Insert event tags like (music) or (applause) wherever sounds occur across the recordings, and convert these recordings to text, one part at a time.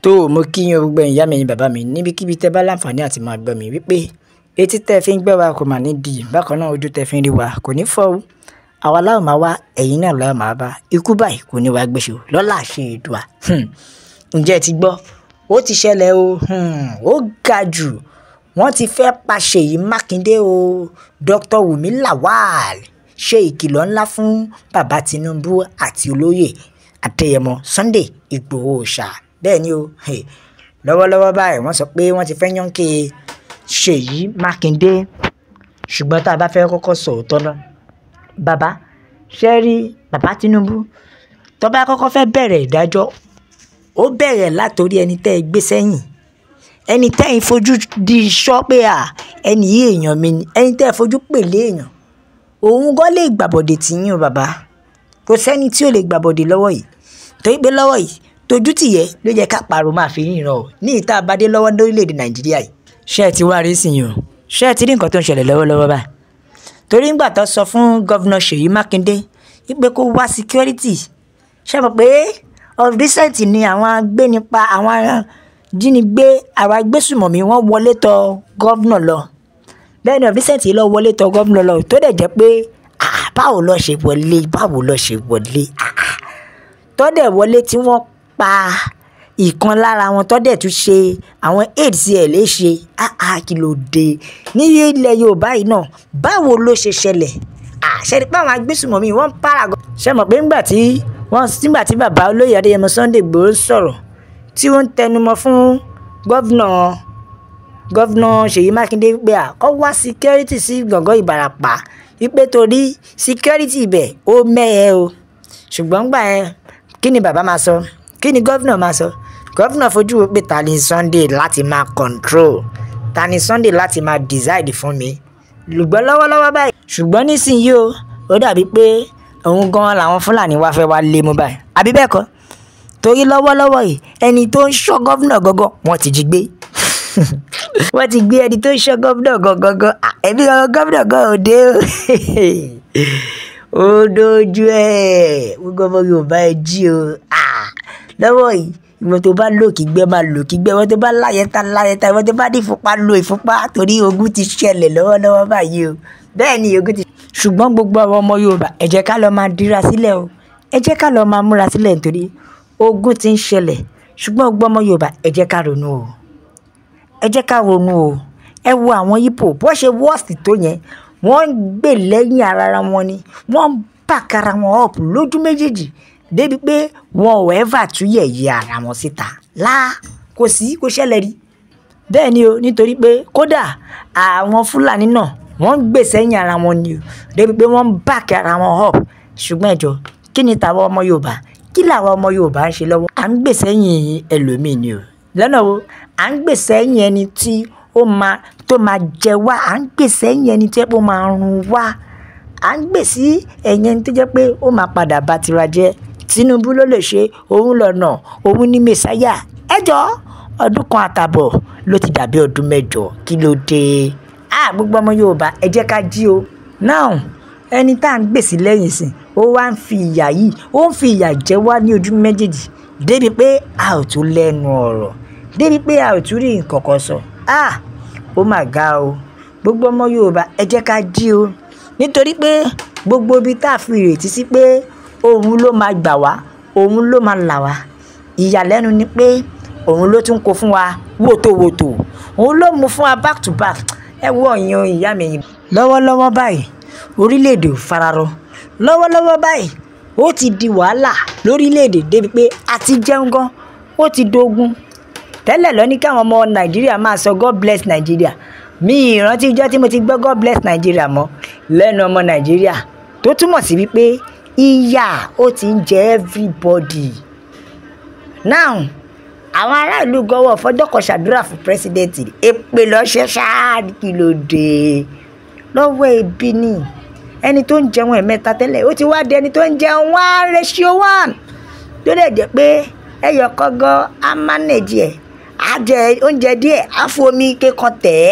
tó mo kí yín gbogbo ìyá mi ẹ̀yin bàbá mi níbikíbi tẹ́ bá láǹfààní àti máa gbọ́ mi wípé etí tẹ́ fi ń gbẹ́ wa kò mà ní di bákan náà ojú tẹ́ fi ń rí wa kò ní fọ́ o àwa láwọn máa wá ẹ̀yin náà láwọn máa bá ikú báyìí kò ní wá gbèsò lọ́la ṣe èdùà hmm. ǹjẹ́ ti gbọ́ ó ti ṣẹlẹ̀ o hmm. ó ga jù wọ́n ti fẹ́ pa Ṣèyí Mákindé o Dr. Wùmí Lawal ṣe ìkìlọ̀ ńlá fún bàbá Tinubu àti olóyè Adéyẹmọ Sunday Ìgbòho ṣáà bẹ́ẹ̀ ni o lọ́wọ́lọ́wọ́ báyìí wọ́n sọ pé wọ́n ti fẹ́ yànkè Ṣèyí Mákindé ṣùgbọ́n tá a bá fẹ́ kọ́kọ́ sọ òótọ́ lọ bàbá ṣe bàbá Tinubu tó bá kọ́kọ́ fẹ́ bẹ̀rẹ̀ ìdájọ́ ó bẹ̀rẹ̀ látòrí ẹni tẹ́ ẹ gbé sẹ́yìn ẹni tẹ́ ẹ fojú di iṣọ́ pé à ẹni yìí èèyàn mi ni ẹni tẹ́ ẹ fojú pèlé èèyàn òun gan lè gbàbọ̀dè tì yín o bàbá kò sẹ́ni tí ò lè gbàbọ̀dè lọ́wọ́ yìí torí pé lọ́wọ́ yìí tójútìyẹ ló yẹ ká pààrọ̀ máa fi ríran o ní ìta àbádé lọ́wọ́ lórílẹ̀‐èdè nàìjíríà yìí. ṣé ẹ ti wá rí sí yìí o ṣé ẹ ti rí nǹkan tó ń ṣẹlẹ̀ lọ́wọ́lọ́wọ́ báyìí. torí ńgbà tó sọ fún gọ́vnà ṣèyí mákindé wípé kó wá security ṣé mo pé of recent ni àwọn agbénipa àwọn jínigbé àwọn agbésùmọ̀mí wọ́n wọlé tọ gọ́vnà lọ bẹ́ẹ̀ ni of recent lọ wọlé tọ gọ́vnà lọ tó dẹ̀ jẹ́ pé ah, báwo ló ṣe wọlé báwo ló ṣe wọlé ah, ah. tó dẹ̀ wọlé tí wọ́n pa ìkan lára wọn tó dẹ̀ tún ṣe àwọn aid sí ẹ̀ léṣe áá kí ló dé ní ilẹ̀ yorùbá yìí náà báwo ló ṣe ṣẹlẹ̀ àṣẹrí pé àwọn agbésùmọ̀mí wọ́n para pàràgọ́ ṣe mọ̀ pé ńgbà tí wọ́n nígbà tí bàbá olóyè adéyẹmọ sunday gbòòrò sọ̀rọ̀ tí wọ́n ń tẹnumọ́ fún gọ́vnà gọ́vnà ṣèyí mákindé pé àkọ́ wá síkẹ́rìtì sí gbọ̀ngàn ìbàràpá wípé torí síkẹ́rìtì ibẹ̀ ó mẹ́ẹ̀ o ṣùgbọ́n gbà yẹn kí ni bàbá máa sọ kí ni gọ́vnà máa sọ gọ́vnà fojú wo pé ta ni Sunday láti máa control ta ni Sunday láti máa decide fún mi lùgbọ́n lọ́wọ́lọ́wọ́ báyìí ṣùgbọ́n nísìnyí o ó dàbí pé òun gan làwọn Fúlàní wá fẹ́ wá lé mú báyìí àbí bẹ́ẹ̀ kọ́ torí lọ́wọ́lọ́wọ́ yìí ẹni tó ń ṣọ́ gọ́vnà gangan wọ́n ti jí gbé (laughs) wọ́n ti gbé ẹni tó ń ṣọ́ gọ́vnà gangan ẹ̀mí gọ́vnà gan òde o (laughs) ó dojú ẹ̀ gbogbo ọmọ Yorùbá ẹ jí o lọ́wọ́ yìí ìwọ tó bá lò kí gbẹ́ máa lò kí gbẹ́ ìwọ tó bá láyẹ̀ta láyẹ̀ta ìwọ tó bá ní ìfúnpá lo ìfúnpá torí ogun ti ṣẹlẹ̀ lọ́wọ́lọ́wọ́ báyìí o bẹ́ẹ̀ ni ogun ti. ṣùgbọ́n gbogbo àwọn ọmọ Yorùbá ẹ jẹ́ ká lọ máa dira sílẹ̀ o ẹ jẹ́ ká lọ máa múra sílẹ̀ nítorí ogun ti ń ṣẹlẹ̀ ṣùgbọ́n gbogbo ọmọ Yorùbá ẹ ká ronú o ẹ ká ronú o ẹ wo àwọn Ìgbò bó ṣe wọ́ọ̀sì tó yẹn wọ́n ń gbè lẹ́yìn ara wọn ni wọ́n ń bàkàrà wọn ọ̀pù lójú méjèèjì débi pé wọn ò ẹ́fà tú yẹ̀yẹ́ ara wọn síta lá kò sí kò ṣẹlẹ̀ rí bẹ́ẹ̀ ni o nítorí pé kódà àwọn fúlàní náà wọ́n ń gbè sẹ́yìn ara wọn ni o débi pé wọ́n ń báàkì ara wọn up ṣùgbọ́n ẹ̀jọ̀ kí ni tàwa ọmọ yorùbá kí làwa ọmọ yorùbá ń ṣe lọ́wọ́ à ń gbè sẹ́yìn ẹlòmíì ni o lọ́nà wo à ń gbè sẹ́yìn ẹni tí ó máa tó máa jẹ wá à ń gbè sẹ́yìn ẹni tí ó máa run wá à ń gbè sí ẹ̀yìn tó jẹ́ pé ó máa padà bá tira jẹ́ tinubu ló lè ṣe òun lọ́nà òun ní mẹ́sáyà ẹjọ́ ọdún kan àtààbọ̀ ló ti dàbí ọdún mẹ́jọ kí ló dé a gbogbo ọmọ yorùbá ẹ jẹ́ ká jí o now ẹni tá à ń gbèsè lẹ́yìn sìn ó wá ń fi ìyà yìí ó ń fi ìyà jẹ wá ní ojú méjèèjì débi pé a ò tún lẹ́nu ọ̀rọ̀ débi pé a ò tún rí nǹkan kan sọ ah ó mà ga o gbogbo ọmọ yorùbá ẹ jẹ́ ká jí o nítorí pé gbogbo ibi tá a fi ìrètí sí pé òun ló máa gbà wá òun ló máa là wá ìyàlẹ́nu ni pé òun ló tún kó fún wa wòtòwòtò òun ló mú fún wa back to back ẹ wọ ìyan ìyá mi. lọ́wọ́lọ́wọ́ báyìí orílẹ̀-èdè fararọ lọ́wọ́lọ́wọ́ báyìí ó ti di wàhálà lórílẹ̀-èdè débi pé a ti jẹun gan ó ti dogun tẹ́lẹ̀ lọ ní káwọn ọmọ nàìjíríà máa sọ god bless nàìjíríà mi ìrántí ijọ́ tí mo ti gbọ́ god bless nàìjíríà mọ́ lẹ́nu ọmọ nàìjíríà tó túmọ̀ sí wípé ìyà ó ti ń jẹ everybody now àwọn aráàlú gọwọ fọjọkọ ṣàdúrà fún president èpè lọṣẹ ṣáá kí ló dé lọ́wọ́ ebi ni ẹni tó ń jẹun ẹ̀mẹ́ta tẹ́lẹ̀ ó ti wá di ẹni tó ń jẹun wá ratio one tó lè jẹ́ pé ẹyọ kọ́gọ́ á manage ẹ̀ á jẹ oúnjẹ díẹ̀ á fomi kékan tẹ̀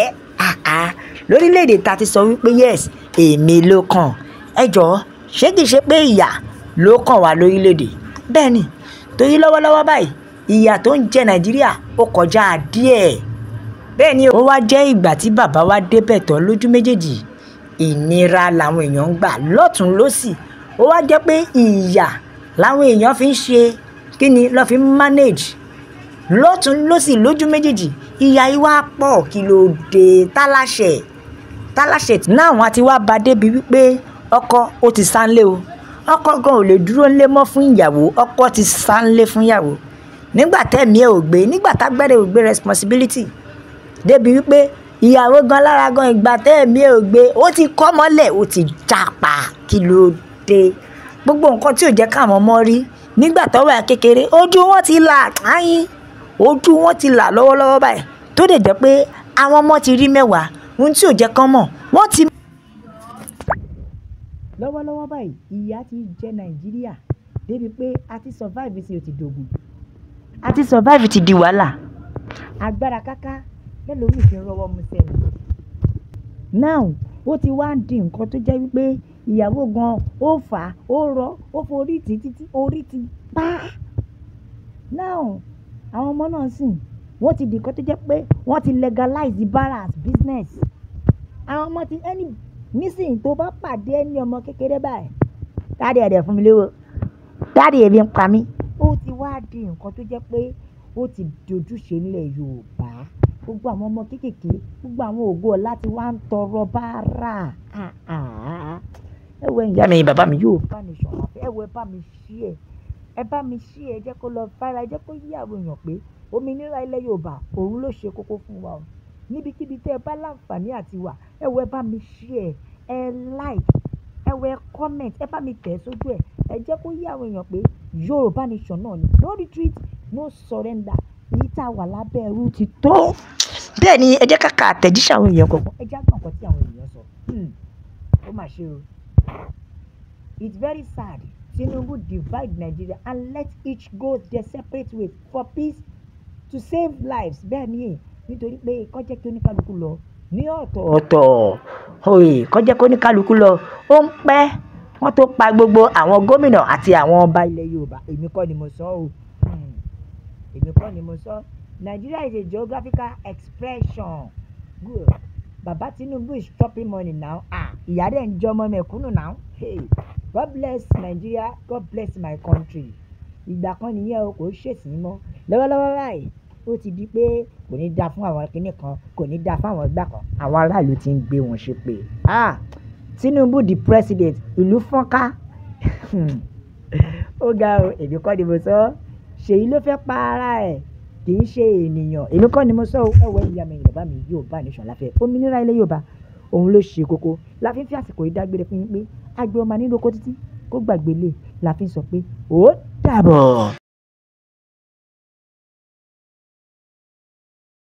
ẹ́ lórílẹ̀ ta ti sọ wípé yes èmi ló kàn ẹ jọ̀ọ́ ṣé kìí ṣe pé ìyà ló kàn wá lórílẹ̀‐èdè bẹ́ẹ̀ ni torí lọ́wọ́lọ́wọ́ báyìí ìyà tó ń jẹ nàìjíríà ó kọjá díẹ̀ bẹ́ẹ̀ ni ó wá jẹ́ ìgbà tí bàbá wa débẹ̀ tán lójú méjèèjì ìnira làwọn èèyàn ń gbà lọ́tún lọ́sì ó wá jẹ́ pé ìyà làwọn èèyàn fi ń ṣe kí ni lọ́ fi ń manage lọ́tún lọ́sì lójú méjèèjì ìyà ìwà pọ̀ kí ló dé tálàṣẹ̀ tálàṣẹ̀ náà wọn ti wá ba débi wípé ọkọ ó ti sáńlé o ọkọ gan ò lè dúró ńlé mọ́ fún ìyàwó ọkọ ti sáńlé fún ìyàwó nígbà tẹ́mi ẹ̀ ò gbé nígbà tágbẹ́rẹ́ ò gbé responsibility débi wípé ìyàwó gan lára gan ìgbà tẹ́mi ẹ̀ ò gbé ó ti kọ́ mọ́lẹ̀ ó ti jàpá kí ló dé gbogbo nǹkan tí ò jẹ́ káwọn ọmọ rí nígbà tọ́wọ́ ẹ̀ kékeré ojú wọn ti là áyín ojú wọn ti là lọ́wọ́lọ́wọ́ báyìí tó dẹ̀ jẹ́ pé àwọn ọmọ ti rí mẹ́wàá ohun tí ò jẹ́ kán mọ̀ wọ́n ti. Lọ́wọ́lọ́wọ́ báyìí, ìyà ti jẹ Nàìjíríà débi pé àti survive sì ti dògùn. Àti survive ti di wàhálà. Agbára káká lẹ́lòmíì fi rọwọ́ mu sẹ́nu. Now, ó ti wá ń di nǹkan tó jẹ́ wípé ìyàwó gan ó fà á, ó rọ, ó forí tì títí orí ti pa á. Now, àwọn ọmọ náà sìn, wọ́n ti di nǹkan tó jẹ́ pé wọ́n ti legalize the bar business. Àwọn ọmọ ti any nísìnyí tó bá pàdé ẹni ọmọ kékeré báyìí dáàdì ẹ̀dẹ̀ fún mi lówó dáàdì èmi ń pa mí. ó ti wá di nǹkan tó jẹ́ pé ó ti dojúṣe nílẹ̀ Yorùbá gbogbo àwọn ọmọ kéékèèké gbogbo àwọn ògo ọ̀la ti wá ń tọrọ báárà ẹ wo ìyá mi bàbá mi yóò bá mi sọ̀rọ̀ àfẹ́ ẹ wo bá mi ṣí ẹ ẹ bá mi ṣí ẹ jẹ́ kó lọ fara ẹ jẹ́ kó yí àwọn èèyàn pé òmìnira ilẹ̀ Yorùbá òun ló ṣe kókó fún wa o níbikíbi tẹ́ ẹ bá láǹfààní àti wà ẹ wọ ẹ bá mi share ẹ like ẹ wọ ẹ comment ẹ bá mi tẹ̀ sójú ẹ̀ ẹ jẹ́ kó yé àwọn èèyàn pé Yorùbá nation náà ni no retreat no surrender èyí tá a wà lábẹ́ ẹrú ti tó. bẹ́ẹ̀ ni ẹ jẹ́ ká ka àtẹ̀jíṣẹ́ àwọn èèyàn kọ̀ọ̀kan ẹ jẹ́ àgbọ̀n kan tí àwọn èèyàn sọ hmm. ó mà ṣe o it's very sad Tinubu divide Nigeria and let each go their separate ways for peace to save lives bẹ́ẹ̀ ni nítorí pé kọ́jẹ́ kí oníkálukú lọ ní ọ̀tọ̀ọ̀tọ̀ òye kọ́jẹ́ kí oníkálukú lọ ó ń pẹ́ wọ́n tó pa gbogbo àwọn gómìnà àti àwọn ọba ilẹ̀ Yorùbá èmi kọ́ ni mo sọ o hmm. èmi kọ́ ni mo sọ Nigeria is a geographical expression good baba Tinubu is dropping money now ah ìyá dẹ̀ ń jọmọ mẹ̀kúnnù now hey God bless Nigeria God bless my country ìgbà kan nìyẹn o kò ṣèṣì mọ́ lọ́wọ́lọ́wọ́ báyìí ó ti di pé kò ní da fún àwọn kinní kan kò ní da fún àwọn ìgbà kan àwọn aráàlú ti ń gbé wọn ṣépè ah Tinubu di president ìlú fọ́nká (laughs) ó ga o èmi kọ́ ni mo sọ ṣèyí ló fẹ́ pa ara ẹ̀ kì í ṣe ènìyàn èmi kọ́ ni mo sọ ẹ̀wọ̀ ìyá mi Yorùbá mi Yorùbá nation láfẹ́ òmìnira ilẹ̀ Yorùbá òun ló ṣe kókó la fi ń fi àsìkò yìí dágbére fún yín pé àgbẹ̀ ọmọ nílò kó títí kó gbàgbé lè la sọ pé ó dàbọ̀.